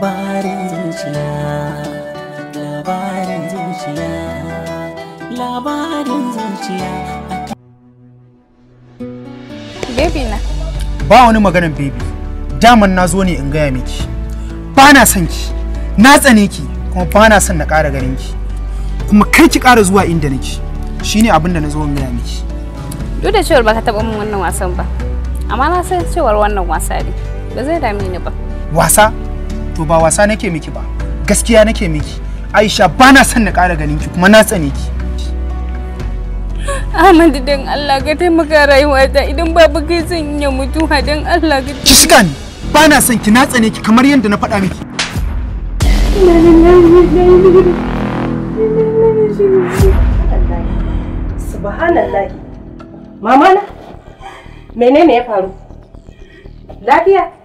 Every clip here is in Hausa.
labarin zuciya labarin zuciya labarin zuciya baby na ba wani maganin baby daman na zo ne in gaya miki ba na son ki na tsane ki kuma ba na son na ƙara ganin ki kuma kai ki ƙara zuwa inda nake shine abin da na zo in gaya miki duk da cewar baka taɓa min wannan wasan ba amma na san cewar wannan wasa ne ba zai dame ni ba wasa to ba wasa nake miki ba gaskiya nake miki aisha ba na son na ƙara ganin ki kuma na tsane ki Ahmad dan Allah ka taimaka ta idan babu kai zan iya ha dan Allah ka ki shiga ni ba na son ki na tsane ki kamar yadda na faɗa miki Subhanallah Mama na menene ya faru lafiya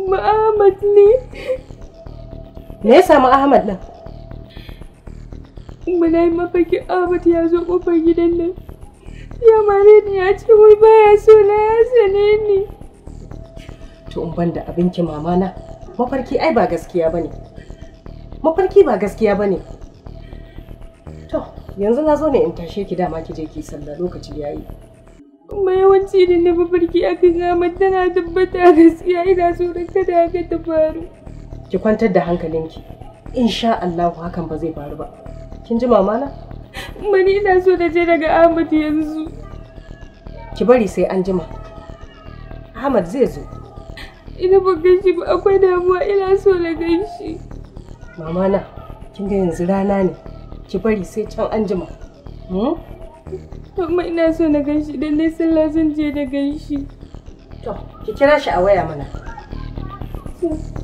Umma Ahmad ne. Me ya samu Ahmad ɗin? Muna yi mafaki Ahmad ya zo ƙofar gidan nan. Ya mare ni ya ce wai baya so na ya sane ni. To in ban da abinki mama na mafarki ai ba gaskiya bane. Mafarki ba gaskiya bane. To yanzu na zo ne in tashe ki dama ki je ki sallah lokaci ya yi. amma yawanci da na mafarki akan gama tana tabbata gaskiya ina so da kada haka ta faru. Ki kwantar da hankalinki. Insha Allah hakan ba zai faru ba. Kin ji mamana? Mani ina so da je daga Ahmad yanzu. Ki bari sai an jima. Ahmad zai zo. Ina ba ganshi ba akwai damuwa ina so na ganshi. Mamana, kin ga yanzu rana ne. Ki bari sai can an jima. Hmm? Amma ina so na gan shi dan ne sallah zan je da gan shi. To, ki kira shi a waya mana. Thank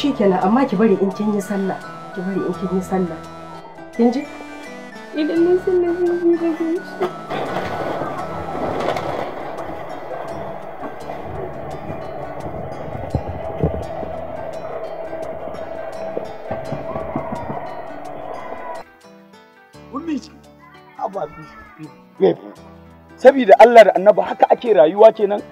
shi kenan amma ki bari in kin yi sallah ki bari in kin yi sallah kin ji idan san sallah zan yi da shi Sabida Allah da annabi haka ake rayuwa kenan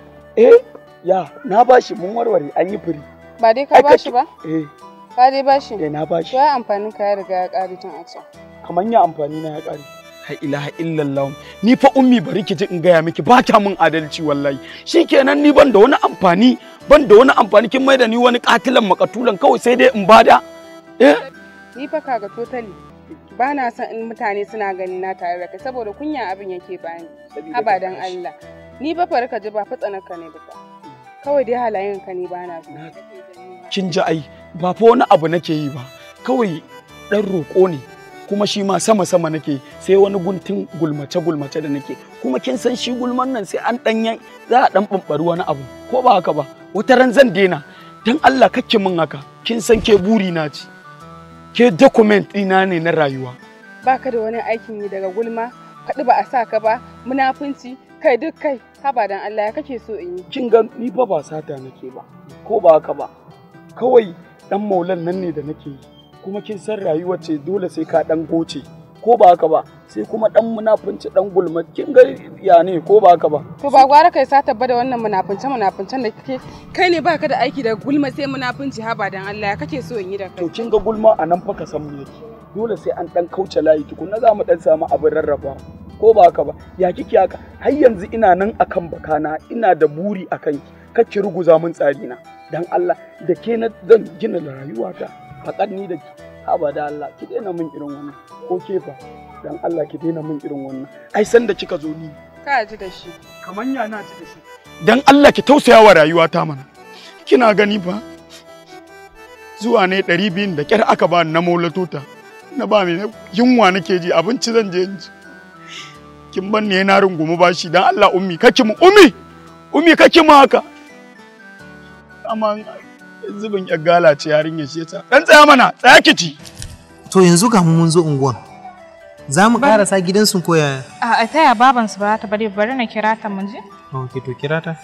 eh ya na bashi mun warware an yi firi Ba dai ka bashi ba? Eh. Ka dai bashi? Eh na bashi. Ya amfanin ka ya riga ya ƙare tun a can. Kamar ya amfani na ya ƙare. La ilaha illallah. Ni fa ummi bari ki ji in gaya miki ba kya min adalci wallahi. Shikenan ni ban da wani amfani ban da wani amfani kin maida ni wani katilan makatulan kawai sai dai in bada. Eh. Ni fa kaga totally ba na san in mutane suna ganin na tare da kai saboda kunya abin yake bani abadan Allah ni ba farka ji ba fatsanarka ne ba kawai dai halayen ka ne ba na so kin ji ai ba fa wani abu nake yi ba kawai dan roko ne kuma shi ma sama sama nake sai wani guntun gulmace gulmace da nake kuma kin san shi gulman nan sai an dan za a dan bambari wani abu ko ba haka ba wata ran zan daina dan Allah kake mun haka kin san ke buri na ci ke document ɗina ne na rayuwa baka da wani aikin yi daga gulma kaɗi ba a saka ba munafunci kai duk kai haba dan Allah ya kake so in yi kin ga ni ba ba sata nake ba ko ba haka ba kawai dan maulan nan ne da nake yi kuma kin san rayuwa ce dole sai ka dan goce ko ba haka ba sai kuma dan munafunci dan gulma kin ga ya ne ko ba haka ba to ba gwara kai sa tabbata wannan munafunce munafuncen da kike kai ne baka da aiki da gulma sai munafunci ha ba dan Allah kake so in yi da kai to kin ga gulma a nan fa ka san mu dole sai an dan kauce layi tukunna za mu dan samu abin rarraba ko ba haka ba ya kike haka har yanzu ina nan akan bakana ina da buri akan ki kacce ruguza mun tsari na dan Allah da ke na zan gina da rayuwata faƙar ni da haba da Allah ki daina min irin wannan ko ke fa dan Allah ki daina min irin wannan ai san da kika zo ni ka ji da shi kaman ya na ji da shi dan Allah ki tausaya wa rayuwata mana kina gani fa zuwa ne ɗari biyun da kyar aka ba na ta na ba mai yunwa nake ji abinci zan je kin ban ne na rungumu bashi dan Allah ummi kake mu ummi ummi kake mu haka kaman zubin ya galace yarinya shi ta dan tsaya mana tsaya kici to yanzu ga mu mun zo unguwan za mu karasa gidansu ko yaya a ta ya baban su ba ta bari bari na kira ta mun je ok to kira ta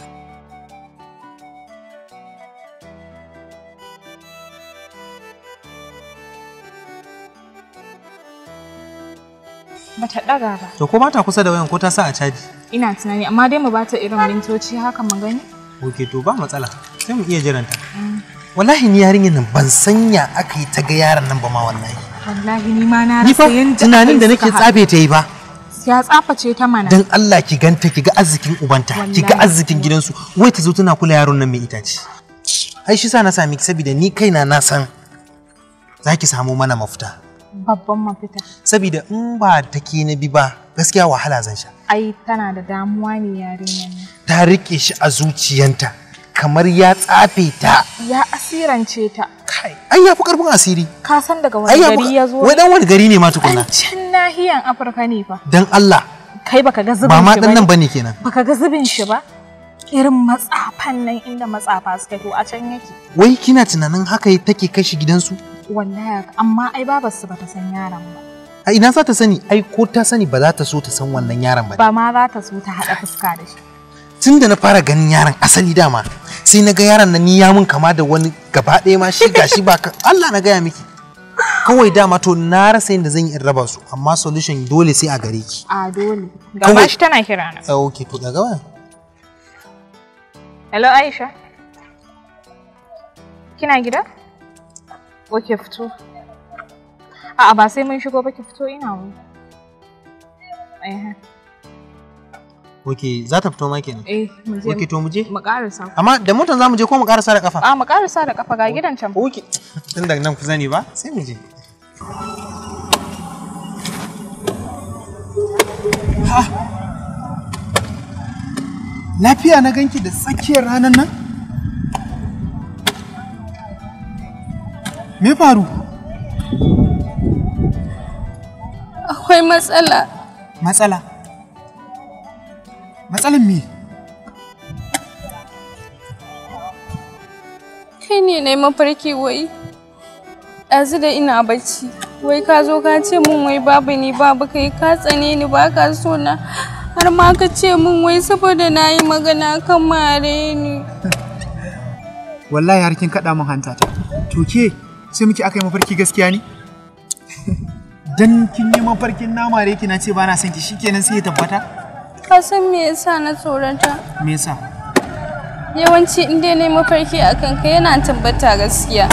Bata ɗaga ba. To ko mata kusa da wayan ko ta sa a caji? Ina tunani amma dai mu bata irin mintoci haka mu gani. Ok to ba matsala. sai mu iya ta. wallahi ni yarinyar nan ban sanya aka yi ta ga yaran nan ba ma wallahi wallahi ni ma na rasa yanda tunanin da nake tsabe ta yi ba ya tsaface ta mana dan Allah ki ganta ki ga arzikin ubanta ki ga arzikin gidansu wai ta zo tana kula yaron nan mai itace ai shi sa na sami ki saboda ni kaina na san za ki samu mana mafita babban mafita saboda in ba ta ke na bi ba gaskiya wahala zan sha ai tana da damuwa ne yarinyar ta rike shi a zuciyanta kamar ya tsafe ta ya asirance ta kai ai ya fi karfin asiri ka san daga wani gari ya zo wai dan wani gari ne ma An can nahiyan afirka ne fa dan Allah kai baka ga zubin shi ba ma dan nan bane kenan baka ga zubin shi ba irin matsafan nan inda matsafa suka to a can yake wai kina tunanin haka take kashi gidansu wallahi amma ai babarsu bata san yaron ba a ina za ta sani ai ko ta sani ba za ta so ta san wannan yaron ba ba ma za ta so ta haɗa fuska da shi tun da na fara ganin yaron asali dama sai na ga yaron na ni ya mun kama da wani gaba ɗaya ma shi gashi ba ka Allah na gaya miki kawai dama to na rasa yadda zan yi in raba su amma solution dole sai a gare ki a dole gaba shi tana kira na oh, okay to daga waya hello Aisha kina gida okay fito a'a ba sai mun shigo ba ki fito ina mu eh Ok, za ta fito ma kenan. Eh, mu je. Ok, to mu je. Mu karasa. Amma da motan za mu je ko mu karasa da kafa? A ah, mu karasa da kafa ga gidan can. Ok, tun da nan ku zani ba, sai mu je. Ha! Lafiya na ganki da tsakiyar ranar nan? Me faru? Akwai matsala. Matsala? Matsalan me? Kai ne na yi mafarki wai. Ɗazu da ina bacci. Wai ka zo ka ce min wai babu ni babu kai ka tsane ni ba ka so na. Har ma ka ce min wai saboda na yi magana kan mare ni. Wallahi har kin kaɗa min hanta ta. To ke sai muke aka yi mafarki gaskiya ne? Dan kin yi mafarkin na mare ki na ce ba na son ki shikenan sai ya tabbata? Ka san me yasa na tsorata? Me yasa? Yawanci in dai na mafarki a kanka yana tabbata gaskiya.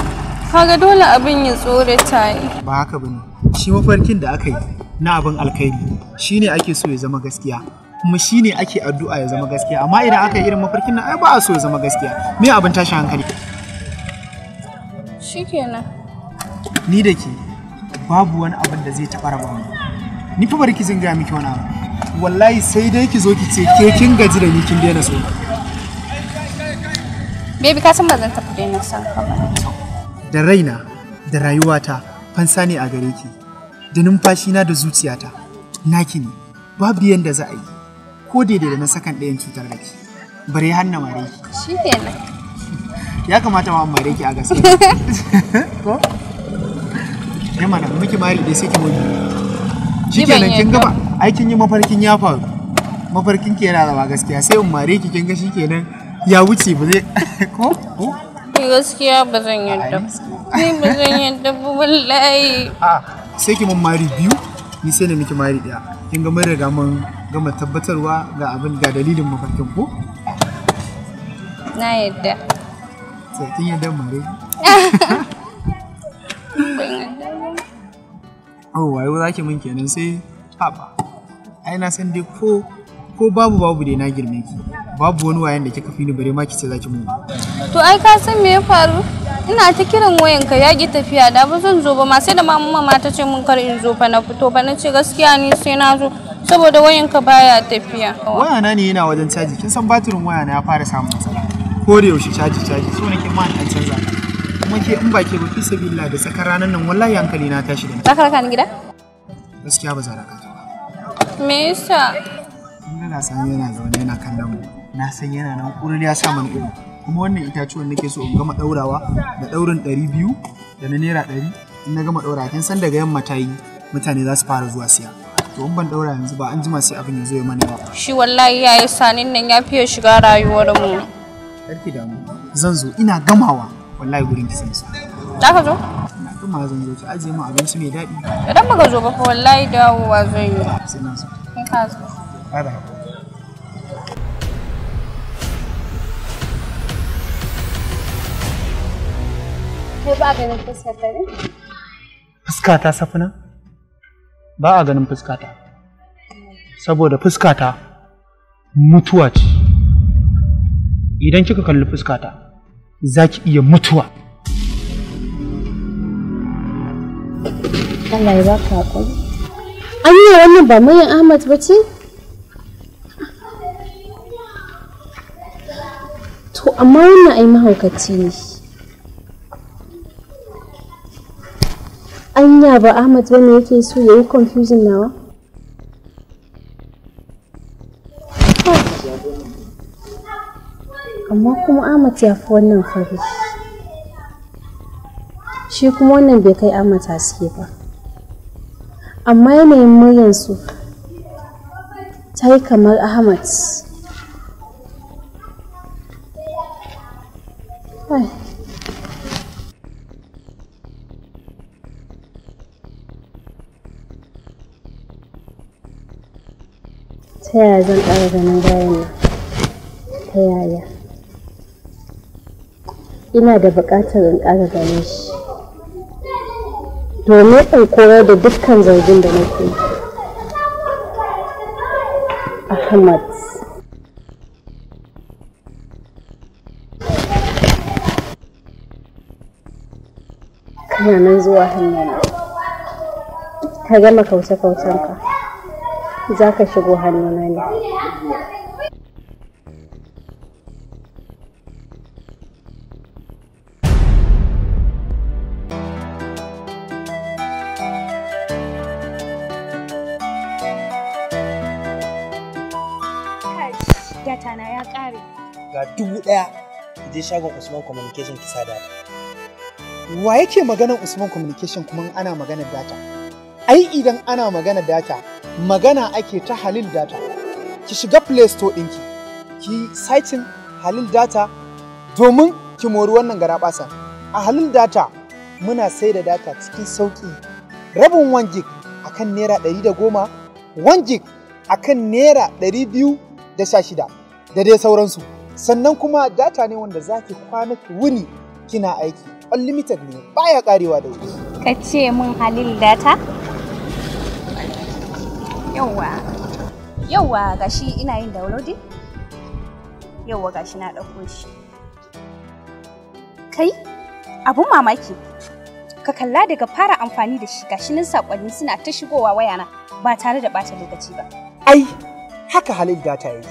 Kaga dole abin ya tsorata yi. Ba haka bane. Shi mafarkin da aka yi na abin alkhairi shine ake so ya zama gaskiya. kuma shi ne ake addu'a ya zama gaskiya amma idan aka yi irin mafarkin nan ai ba a so ya zama gaskiya me abin tashin hankali shikenan ni da ke babu wani abin da zai taɓa raba ni fa bari ki zan gaya miki wani abu wallahi sai dai ki zo ki ce ke kin gaji da ni kin daina so Baby ka san ba zan tafi daina son da raina da rayuwata fansa ne a gare ki da numfashina da zuciyata naki ne babu yanda za a yi ko daidai da na sakan ɗayan cutar da ki bare hanna mare ki shi kenan ya kamata ma mare ki a gaske ko ya mana miki mari dai sai ki mutu shi kenan kin gaba aikin yi mafarkin ya faru mafarkin ke yana zama gaskiya sai in mare ki kin ke nan ya wuce ba zai ko ko gaskiya ba zan yadda ni ba zan yadda ba wallahi a ah, sai ki mun mari biyu ni sai na miki mari daya kin ga mun riga mun gama tabbatarwa ga abin ga dalilin mafarkin ko na yadda sai kin yadda mare Oh, wai za ki mun kenan sai haba. ai na san dai ko ko babu babu dai na girme ki babu wani wayan da kika fi ni bare ma ki ce zaki mu to ai ka san me ya faru ina ta kiran wayan ka yaki tafiya da ba zan zo ba ma sai da mamuma ma ta ce mun kar in zo fa na fito ba na ce gaskiya ni sai na zo saboda wayan ka baya tafiya wayana ne yana wajen caji kin san batirin wayana ya fara samun matsala ko da yaushe caji caji so nake ma an canza kuma ke in ba ke ba fi sabilla da tsakar ranan nan wallahi hankali na tashi da ni ka ni gida gaskiya ba zaraka ka Me yasa? Ina na san yana zaune yana kallon mu. Na san yana nan ƙurir ya sa mana ido. Kuma wannan itatuwan nake so in gama ɗaurawa da ɗaurin ɗari biyu da na naira ɗari. In na gama ɗaura kin san daga yamma ta yi mutane za su fara zuwa siya. To in ban ɗaura yanzu ba an jima sai abin ya zo ya mana ba. Shi wallahi ya yi sanin nan ya fiye shiga rayuwar mu. Karki damu. Zan zo ina gamawa wallahi gurin kisan su. Za ka zo? ma zan zo ki aje mu abinci mai daɗi. Idan baka zo ba fa wallahi dawowa zai yi. Sai na zo. In ka zo. Ara. Ko ba ganin fuskar ta ne? Fuskata safina? Ba a ganin fuskata. Saboda fuskata mutuwa ce. Idan kika kalli fuskata za ki iya mutuwa. Allah ya baka hakuri an yi wannan ba mayan Ahmad ba ce to amma wannan ai mahaukaci ne anya ba Ahmad bane yake so ya yi confusion nawa amma kuma Ahmad ya fi wannan fari shi kuma wannan bai kai amata suke ba amma yanayin muryansu ta yi kamar ahmad ta yaya zan ƙara ganin bayan nan ta yaya ina da buƙatar in ƙara ganin shi domin in koyar da dukkan zargin da nake ahmad kana nan zuwa hannuna ka gama kauce-kaucenka za ka shigo hannuna ne je shagon Usman Communication ki sa data. Wa yake maganar Usman Communication kuma ana maganar data? Ai idan ana maganar data, magana ake ta Halil data. Ki shiga Play Store ɗinki, ki saitin Halil data domin ki mori wannan garaɓasa. A Halil data muna sai da data cikin sauƙi. Rabin 1 gig akan naira 110, da goma, 1 gig akan naira ɗari biyu da sha shida da dai sauransu. sannan kuma data ne wanda za ki kwana wuni kina aiki unlimited ne baya karewa da wuri ka ce mun halil data yawa yawa gashi ina yin downloading yawa gashi na ɗauko shi kai abun mamaki ka kalla daga fara amfani da shi gashi nan sakonni suna ta shigowa wayana ba tare da ɓata lokaci ba ai haka halil data yake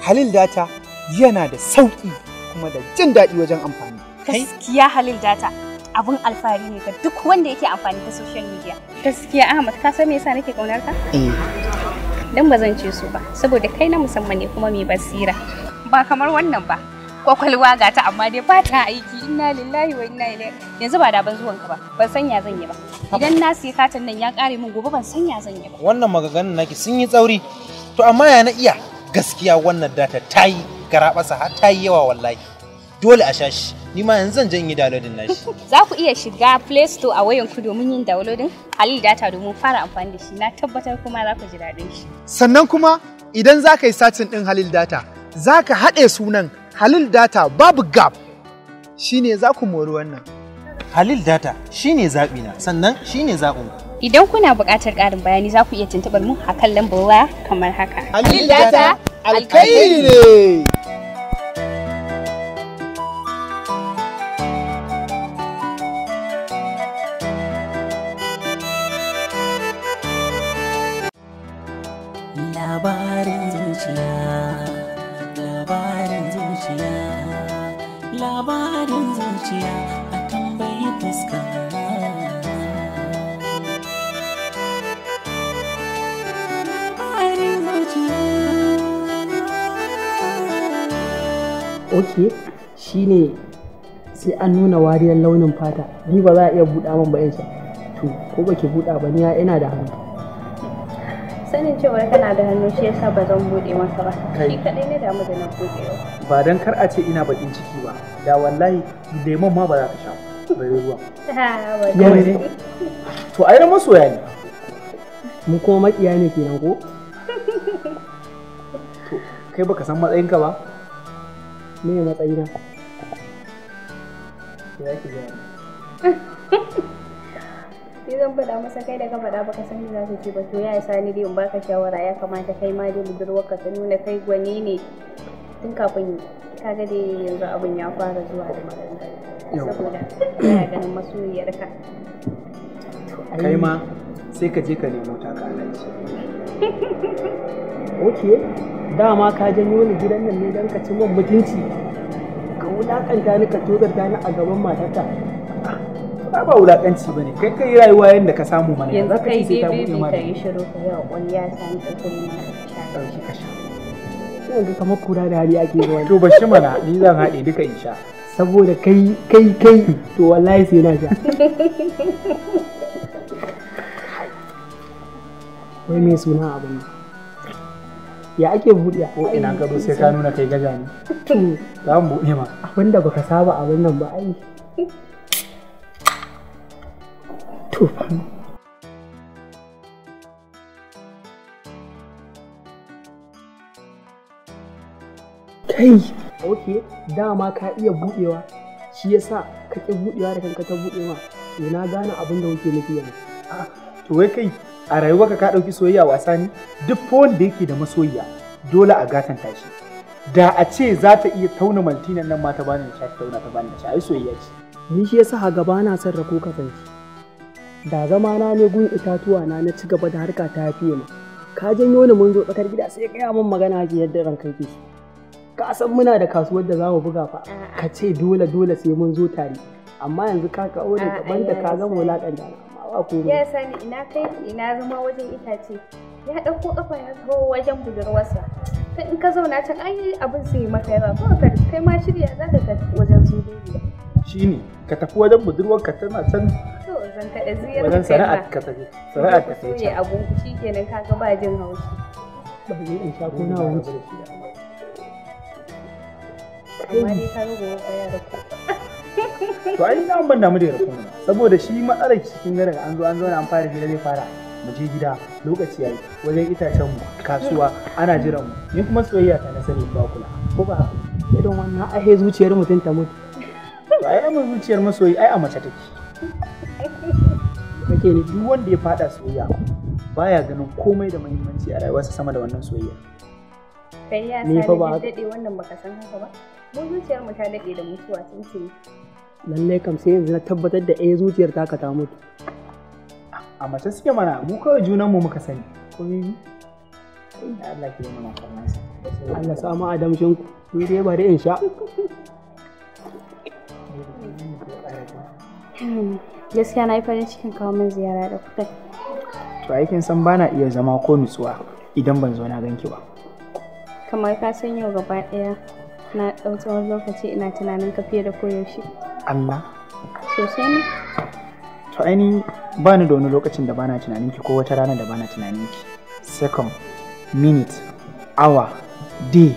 halil data yana da sauƙi kuma da jin daɗi wajen amfani. Gaskiya Halil Data abun alfahari ne ga duk wanda yake amfani da social media. Gaskiya Ahmad ka san me yasa nake kaunar ka? Eh. Dan ba zan ce su ba saboda kai na musamman ne kuma mai basira. Ba kamar wannan ba. Kwakwalwa ga ta amma dai ba ta aiki inna lillahi wa inna ilaihi yanzu ba da ban zuwan ka ba ban san ya zan yi ba idan na siya katin nan ya kare min gobe ban san ya zan yi ba wannan magaganin naki sun yi tsauri to amma ya na iya gaskiya wannan data ta yi garaɓasa har ta yi yawa wallahi dole a sha shi ni ma yanzu zan je in yi downloading nashi za ku iya shiga play store a wayan ku domin yin downloading halil data domin fara amfani da shi na tabbatar kuma za ku ji daɗin shi sannan kuma idan za ka yi satin ɗin halil data za ka haɗe sunan halil data babu gap shine za ku mori wannan halil data shine zaɓina sannan shine zaɓin Idan kuna buƙatar ƙarin bayani za ku iya tuntuɓar mu a kan lambar waya kamar haka. Halil Data alkhairi ne bukata ni ba za a iya buɗa min ba sa to ko ba ki buɗa ba ni ina da hannu sanin cewar kana da hannu shi yasa ba zan buɗe masa ba shi kadai ne damu da na buɗe ba dan kar a ce ina bakin ciki ba da wallahi lemon ma ba za ka sha ba ruwa to ai masoya ne mu kuma maƙiya ne kenan ko to kai baka san matsayinka ba me matsayina ya ki gani sai zan faɗa masa kai da ka faɗa ba ka san za ka ce ba to ya isa ni dai in baka shawara ya kamata kai ma dai budurwar ka nuna kai gwani ne tun kafin ka ga dai yanzu abin ya fara zuwa da magana saboda ya ganin masoyiyar ka kai ma sai ka je ka nemo ta ka alaji okay dama ka janyo ni gidan nan ne don ka ci min mutunci ka wulakanta ni ka tozarta ni a gaban matarka. ba ba wulakanci ba ne kai kai rayuwa yadda ka samu mana yanzu kai sai ta bude ma kai shiru ka yau kwani ya samu tsakuri na ɗauki kasha sai kamar kura da hali ake zuwa to bashi mana ni zan haɗe duka in sha saboda kai kai kai to wallahi sai na sha wai mai suna abin ya ake buɗe ko ina gado sai ka nuna kai gaja ne za mu buɗe ma abinda baka saba abin nan ba ai tsofano kai Da ma ka iya buɗewa shi yasa ka ƙi buɗewa da kanka ta buɗewa to na gane abin da kuke nufi yanzu ah, to wai kai a rayuwa ka ɗauki soyayya wasa ne duk wanda yake da masoyiya dole a gatan tashi da a ce za ta iya tauna maltinan nan ma ta bani da ta tauna ta bani da shi ai soyayya ce ni shi yasa ha gaba na son rako kasance da zama na ne gun itatuwa na na ci gaba da harka ta fiye mu ka janyo ni mun zo tsakar gida sai gaya min magana ji yadda ran kai ke ka san muna da kasuwar da za mu buga fa ka ce dole dole sai mun zo tare amma yanzu ka ka aure gaban da ka zama wulakan da amma ba ya sani ina kai ina zama wajen itace ya ɗauko kafa ya zo wajen budurwarsa sai in ka zauna can ai abin sai maka yawa ko ka kai ma shirya za ka wajen zuwa shine ka tafi wajen budurwarka tana can zan kaɗa ziyar wajen sana'ar ka tafi sana'ar ka tafi a gungu shi kenan ka ga ba jin haushi ba zai in sha ko nawa wuce amma dai ka ga gobe ka yara to ai na ban damu da yara kuma saboda shi matsalar cikin garin an zo an zo an fara gida zai fara mu je gida lokaci yayi wajen itacen mu kasuwa ana jiran mu ni kuma soyayya ta na sani ba kula ko ba irin wannan ahe zuciyar mutum ta mutu to ai amma zuciyar masoyi ai a mace take nake ne duk wanda ya fada soyayya baya ganin komai da muhimmanci a rayuwarsa sama da wannan soyayya kai ya sa da dade wannan baka san haka ba mu zuciyar mu ta dade da mutuwa tun ce lalle kam sai yanzu na tabbatar da eh zuciyar ka ta mutu a mace suke mana mu kawai junan mu muka sani ko bibi Allah ke mana farmasa Allah sa mu adamshin ku ni dai bari in sha hmm. gaskiya na yi farin cikin kawo min ziyara da kuka to aikin san bana iya zama ko nutsuwa idan ban zo na ganki ba kamar ka san yau gaba ɗaya na ɗau tsawon lokaci ina tunanin ka fiye da koyaushe Allah sosai ne to aini ba ni da wani lokacin da bana tunanin ki ko wata rana da bana tunanin ki second minute hour day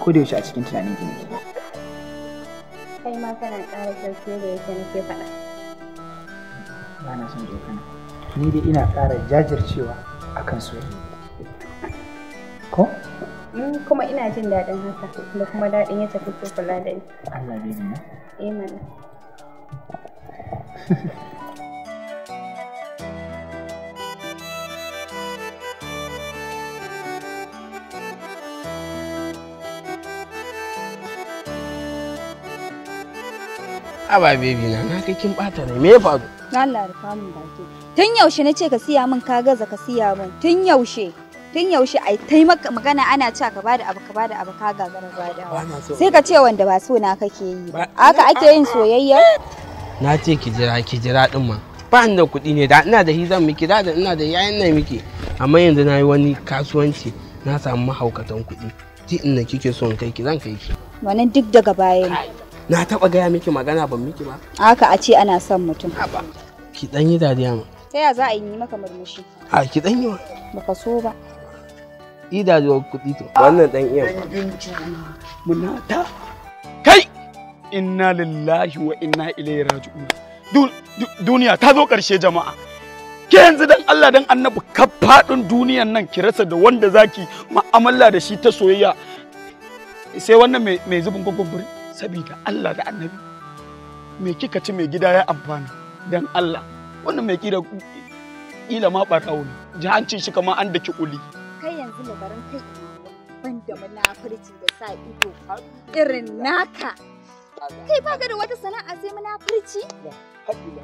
ko da yaushe a cikin tunanin ki ne kai ma kana ƙara sarki da yake nake faɗa ba na son dokana ni dai ina ƙara jajircewa akan soyayya ko kuma ina jin daɗin haka da kuma daɗin yadda kake kula da ni Allah bai nuna eh mana ba baby na na kai kin bata ne me ya faru? Allah rufa min baki. Tun yaushe na ce ka siya min ka gaza ka siya min tun yaushe. Tun yaushe ai taimaka magana ana cewa ka bada abu ka bada abu ka gagara badawa. Sai ka ce wanda ba so na kake yi ba. Haka ake yin soyayya? Na ce ki jira ki jira din ma. Ba ni da kuɗi ne da ina da hi zan miki da ina da yayin nan miki. Amma yanzu na yi wani kasuwanci na samu mahaukatan kuɗi. Ji ina kike son kai ki zan kai ki. Wannan duk daga baya ne. na taba gaya miki magana ban miki ba haka a ce ana son mutum ki dan yi dariya ma ta ya za a yi maka murmushi a ki dan yi baka so ba ida zuwa kuɗi to wannan dan iya muna ta kai inna lillahi wa inna ilaihi raji'un duniya ta zo ƙarshe jama'a ke yanzu dan Allah dan annabi ka faɗin duniyan nan ki rasa da wanda zaki ma'amala da shi ta soyayya sai wannan mai zubin kwakwaburi saboda Allah da annabi me kika ci mai gida ya amfana dan Allah wannan mai kira ila ma ji an ci shi kama an daki uli kai yanzu labarin kai ban da munafurci da sa ido irin naka Kai ba ka da wata sana'a sai munafurci?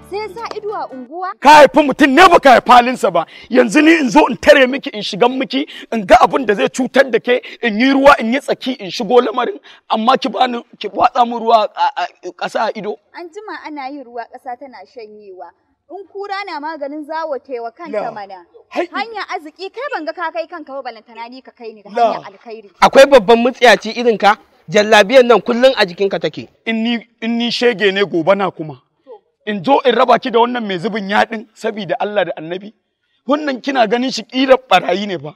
Sai sa ido a unguwa? Ka haifi mutum ne baka ka haifi halinsa ba. Yanzu ni in zo in tare miki in shiga miki in ga abun da zai cutar da ke in yi ruwa in yi tsaki in shigo lamarin amma ki bani ki watsa mu ruwa a ƙasa a ido. An jima ana yin ruwa ƙasa tana shanyewa. in kura na maganin zawo tewa kanta mana. Hanya arziki kai ban ga ka kai kanka ba balantana ni ka kai ni da hanyar alkhairi. Akwai babban mutsiyaci irin ka? jallabiyan nan kullum a jikinka take in ni shege ne gobe na kuma in zo in raba ki da wannan mai zubin yaɗin sabida Allah da Annabi wannan kina ganin shi ƙira barayi ne ba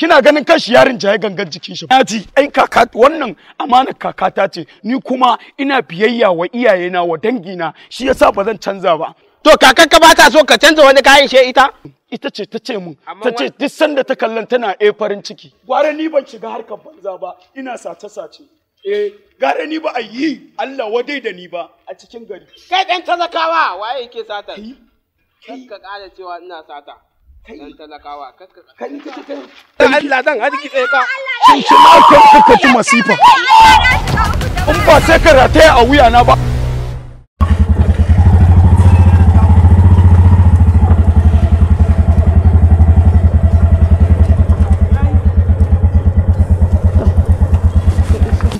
kina ganin kashi yarin jaye gangan jikin shi ai kaka wannan amana kakata ce ni kuma ina biyayya wa iyayena wa dangina shi yasa ba zan canza ba to kakanka ba ta so ka canza wani kayan shi ita ita ce ta ce mun ta ce duk sanda ta kallon tana eh farin ciki gware ni ban shiga harkar banza ba ina sace sace eh gare ni ba a yi Allah wadai da ni ba a cikin gari kai dan talakawa waye yake sata kai ka kada cewa ina sata dan talakawa kai ka kai dan Allah dan hadi ki tsaye ka shin shi ma ka ci masifa ba sai ka a wuya na ba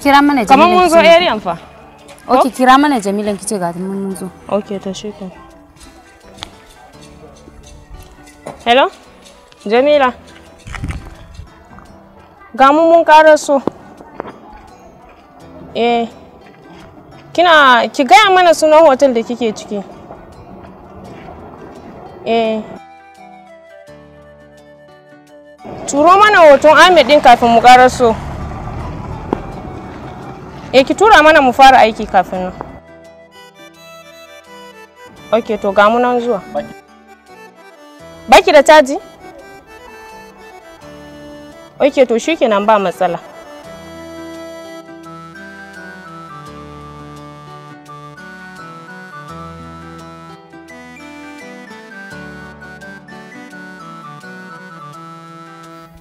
kira mana Jamilan. Kamar mun zo area fa. ok kira mana Jamilan kice ga mun mun zo. Okay, ta shi Hello? Jamila. Ga mu mun so Eh. Kina ki gaya mana sunan hotel da kike ciki. Eh. Turo mana hoton Ahmed din kafin mu karaso. so. eh ki tura mana mu fara aiki kafin nan ok to ga mu nan zuwa baki da caji ok to shi nan ba matsala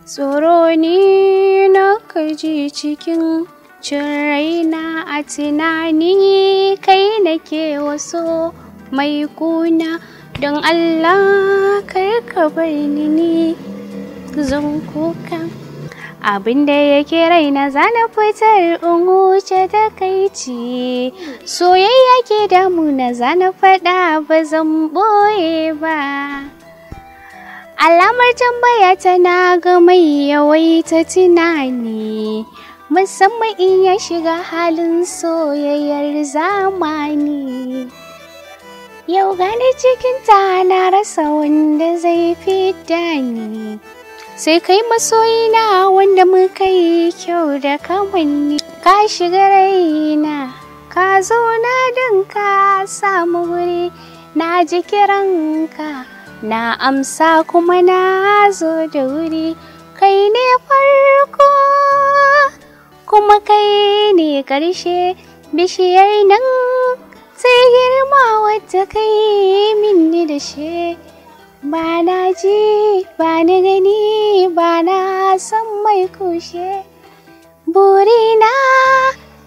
tsoro ni na kaji cikin Cin raina a tunani kai nake waso mai kuna don Allah karka bar ni ni zan kuka. Abin da yake raina zana fitar in wuce da kai ce, soyayya ke na zana faɗa ba zan boye ba. alamar tambaya tana ga mai yawaita tunani musamman in ya shiga halin soyayyar zamani. Yau gani cikinta na rasa wanda zai fidda ni, sai kai masoyina wanda muka yi kyau da kamanni. Ka shiga raina, ka zo na ka samu wuri, na ji kiranka, na amsa kuma na zo da wuri, kai ne farko. kuma kai ne ƙarshe bishiyar nan sai girma wata kai minni da she ba na ji ba na gani ba na san mai kushe burina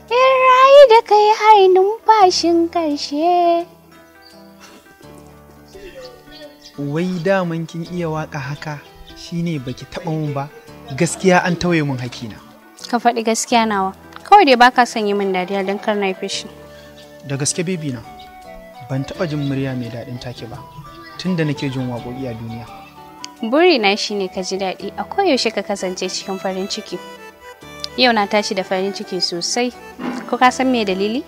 in rayu da kai har numfashin ƙarshe wai daman kin iya waka haka shine baki taɓa mun ba gaskiya an tauye mun hakina Ka faɗi gaskiya nawa. Kawai dai baka son yi min dariya don kar na yi fishi Da gaske bibi na. Ban taɓa jin murya mai daɗin take ba. Tun da nake jin waƙoƙi a duniya. Buri na ne ka ji daɗi a koyaushe ka kasance cikin farin ciki. Yau na tashi da farin ciki sosai. Ko ka san me dalili?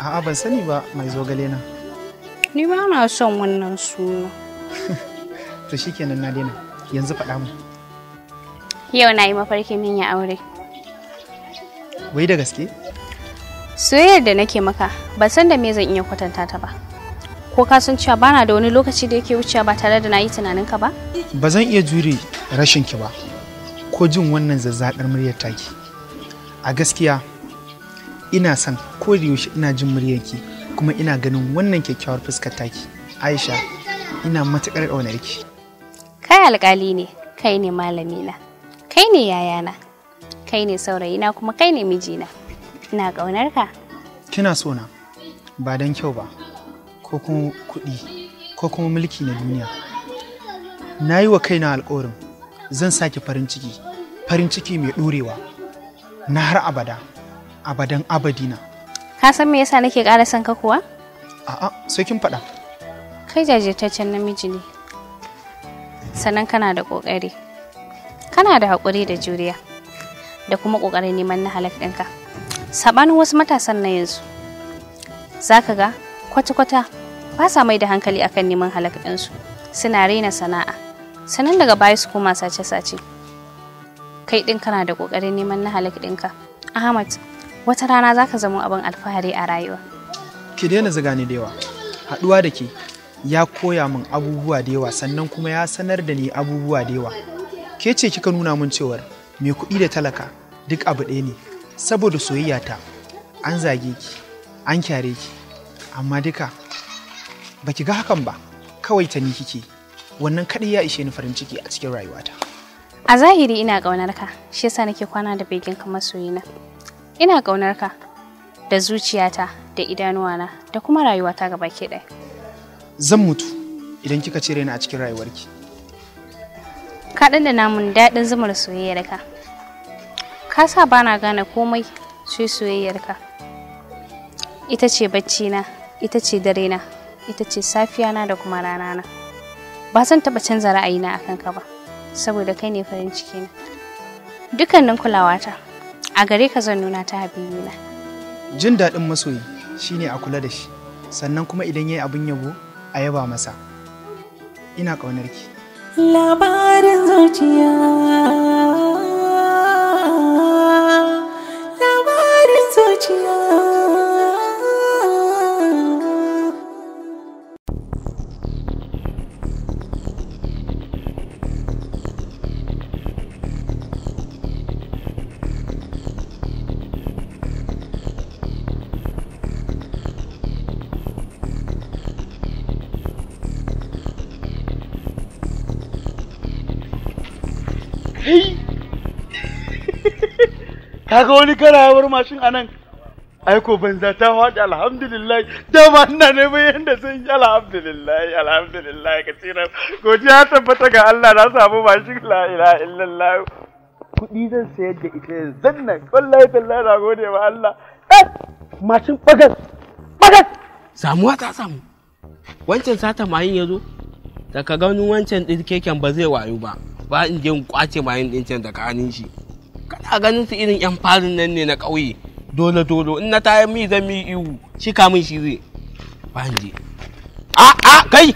A'a ban sani ba mai zogale na. Ni ba na son wannan suna. to shikenan na daina. Yanzu faɗa mu. Yau na yi mafarkin min ya aure. wai da gaske soyayyar da nake maka ba san da me zan iya kwatanta ta ba ko ka san cewa bana da wani lokaci da yake wucewa ba tare da na yi tunanin ka ba ba zan iya jure rashin ki ba ko jin wannan zazzaɓar muryar taki a gaskiya ina son ko da yaushe ina jin muryar ki kuma ina ganin wannan kyakkyawar fuskar taki aisha ina matuƙar ƙaunar ki kai alƙali ne kai ne malamina kai ne yayana kai ne saurayina kuma kai ne mijina ina ƙaunar ka kina sona ba don kyau ba ko kuma kuɗi ko kuma mulki na duniya na yi wa kaina alƙawarin zan sake farin ciki farin ciki mai ɗorewa na har abada abadan abadina ka san me yasa nake ƙara son ka kuwa a'a sai kin faɗa kai jajirtaccen namiji ne sannan kana da ƙoƙari kana da haƙuri da juriya da kuma ƙoƙarin neman na halak ɗinka saɓanin wasu matasan na yanzu za ka ga kwata-kwata ba sa mai da hankali akan neman halak ɗinsu suna raina sana'a sanan daga baya su koma sace-sace kai ɗin kana da ƙoƙarin neman na halak ɗinka ahmad wata rana za ka zama abin alfahari a rayuwa ki daina ziga ni da yawa haɗuwa da ke ya koya min abubuwa da yawa sannan kuma ya sanar da ni abubuwa da yawa ke ce kika nuna min cewar mai kuɗi da talaka duk abu ɗaya ne saboda soyayya ta an zage ki an kyare ki amma duka baki ga hakan ba kawai ta ni kike wannan kaɗai ya ishe ni farin ciki a cikin rayuwata a zahiri ina ƙaunar ka shi yasa nake kwana da begen ka masoyina ina ƙaunar ka da zuciyata da idanuwana da kuma rayuwata gaba ke ɗaya zan mutu idan kika cire ni a cikin rayuwarki ka da namun daɗin zumar soyayyarka ka sa ba na gane komai sai soyayyarka ita ce bacci na ita ce dare na ita ce safiya na da kuma rana na ba zan taɓa canza ra'ayina akan ka ba saboda kai ne farin ciki na dukkanin kulawata a gare ka zan nuna ta habibi na jin daɗin masoyi shine a kula da shi sannan kuma idan yayi abun yabo a yaba masa ina ƙaunar ki labarin zuciya labarin zuciya kaga wani kana yawar mashin anan aiko banza ta faɗi alhamdulillah dama ina bai yanda zan yi alhamdulillah alhamdulillah ka tsira godiya tabbata ga Allah na samu mashin la ilaha illallah kuɗi zan sayar da ita yanzu nan wallahi billahi na gode wa Allah eh, mashin bagas bagas samuwa ta samu wancan sata mayin ya zo da ka ganin wancan ɗin keken ba zai wayo ba ba in je in kwace mayin din can daga hannun shi kana ganin su irin yan farin nan ne na ƙauye dole dole in na tayar mi zan mi iwu shi ka mun shi zai ba in je a a kai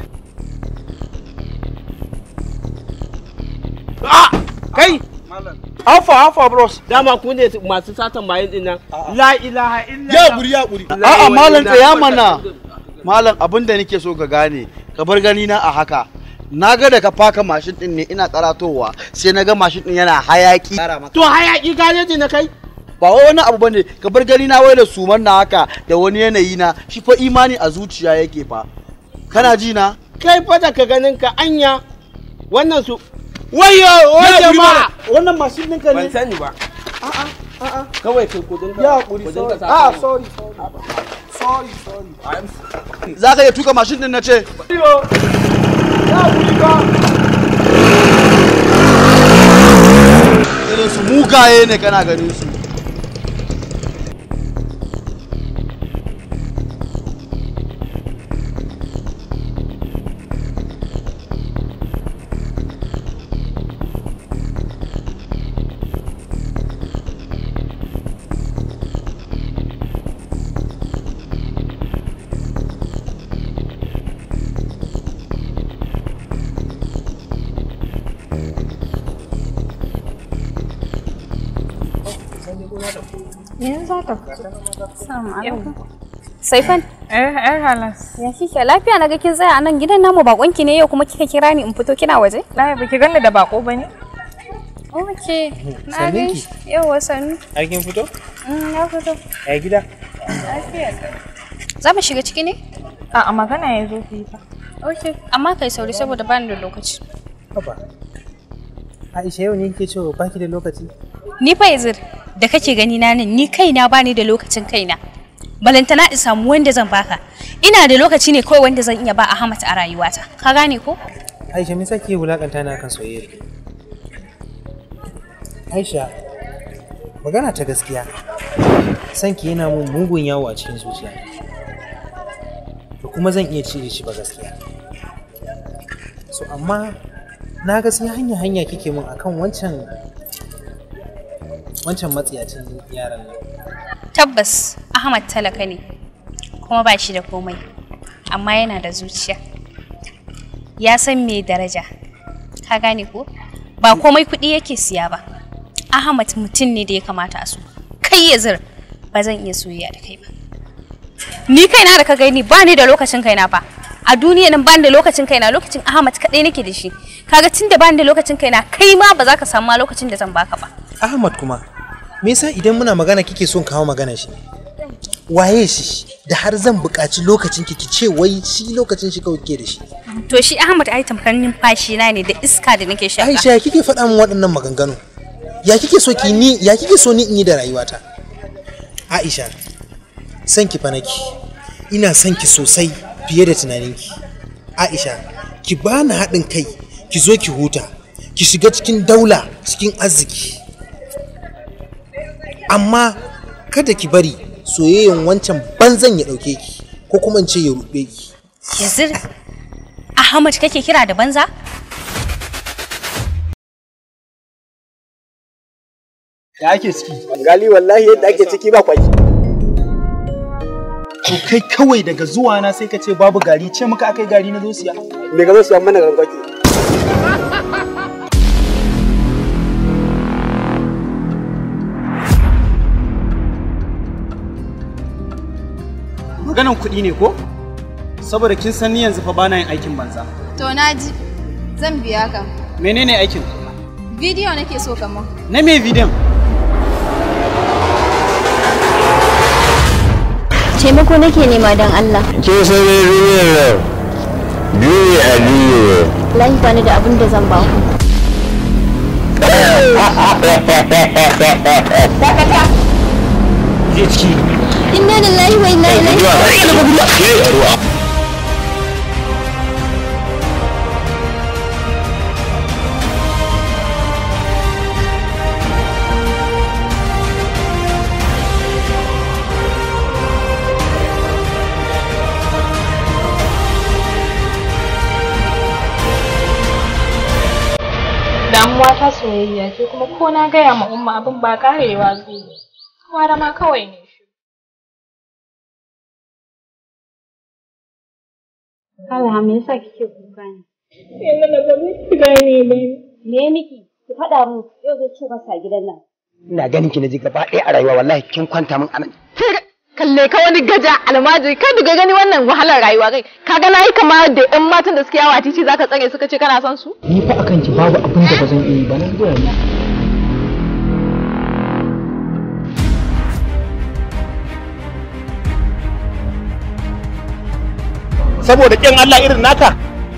a kai Afa afa bros dama ku ne masu satan mayin din nan la ilaha illa ya guri ya guri a'a malam tsaya mana malam abinda da nake so ka gane ka bar gani na a haka na ga daga faka mashin din ne ina karatowa sai na ga mashin din yana hayaki to hayaki gareji na kai ba wai wani abu bane ka bar gani na wai da suman na haka da wani yanayi na shi fa imani a zuciya yake fa kana ji na kai fa da ka ganin ka anya wannan su wayo wayo jama'a wannan mashin din ka ne ban sani ba a'a a'a kawai kai kudin ka ya hakuri sorry a'a ah, sorry sorry sorry sorry i'm za ka iya tuka mashin din na ce yo ya ka su mugaye ne kana ganin su Yanzu za ta fito. Salamu alaikum. Saifan? Eh, eh halas. Ya kike lafiya naga kin tsaya anan gidan namu bakon ne yau kuma kika kira ni in fito kina waje? Lafiya baki ganni da bako bane? Ok, na gan shi. Yawwa sanu. Ai kin fito? Mm, na fito. Ai gida? Lafiya. Za mu shiga ciki ne? A'a magana ya zo ku yi fa. Ok, amma kai sauri saboda bani da lokaci. Haba. Aisha yau ne kike cewa baki da lokaci? Ni fa yanzu da kake gani na nan ni kaina ba ni da lokacin kaina. Balantana in samu wanda zan baka. Ina da lokaci ne kawai wanda zan iya ba a hamata a rayuwata. Ka gane ko? Aisha me sake wulakanta na kan soyayya? Aisha magana ta gaskiya. Sanki yana mun mugun yawo a cikin zuciya. Da kuma zan iya cire shi ba gaskiya. So amma na ga sai hanya hanya kike mun akan wancan wancan matsiyacin yaran nan tabbas ahmad talaka ne kuma ba shi da komai amma yana da zuciya ya san me daraja ka gane ko ba komai kuɗi yake siya ba ahmad mutum ne da ya kamata a so kai ya zir ba zan iya soyayya da kai ba ni kaina da ka gani ba ni da lokacin kaina fa a duniya nan ba ni da lokacin kaina lokacin ahmad kaɗai nake da shi kaga tun da ba ni da lokacin kaina kai ma ba za ka samu lokacin da zan baka ba Ahmad kuma me yasa idan muna magana kike son kawo magana shi waye shi da har zan buƙaci lokacin ki ce wai shi lokacin shi kawai ke da shi to shi Ahmad ai tamkar numfashi na ne da iska da nake shaka Aisha kike faɗa min waɗannan maganganu ya kike so ki ni ya kike so ni in yi da rayuwata Aisha san ki fa ina son ki sosai fiye da tunanin ki Aisha ki bani haɗin kai ki zo ki huta ki shiga cikin daula cikin arziki amma kada ki bari soyayyen wancan banzan ya ɗauke ki ko kuma in ce ya ruɓe ki yazir ahmad kake kira da banza da ake ciki gali wallahi yadda ake ciki ba kwaki to kai kawai daga zuwa na sai ka ce babu gari ce muka akai gari na zo siya me ga zo siya mana garin maganan kuɗi ne ko saboda kin san ni yanzu fa bana yin aikin banza to na ji zan biya ka menene aikin bidiyo nake so kamar na me bidiyon taimako nake nema don Allah ke sanar duniyar biyu duniya a duniya lahi bani da abin da zan ba ku dakata zai inna lillahi wa inna ilaihi raji'un damuwa ta soyayya ce kuma ko na gaya ma umma abin ba karewa zai yi. Kuma ma kawai ne. Kala me yasa kike kuka ne? Eh, mana ba ki gane ba. Me miki? Ki faɗa mu yau zai ce masa gidan nan. Ina ganin ki na ji gaba ɗaya a rayuwa wallahi kin kwanta min anan. Kalle ka wani gaja almajiri ka duga gani wannan wahalar rayuwa kai ka ga nayi kama da ɗan matan da suke yawa titi zaka tsare suka ce kana son su? Ni fa akan ki babu abin da ba zan iya yi ba na zuwa ne. saboda ƙin Allah irin naka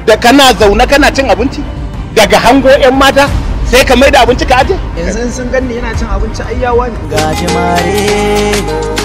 da kana zaune kana cin abinci daga hango 'yan mata sai ka mai da abinci ka aje yanzu sun ganni yana cin abinci ayyawa ne gajimare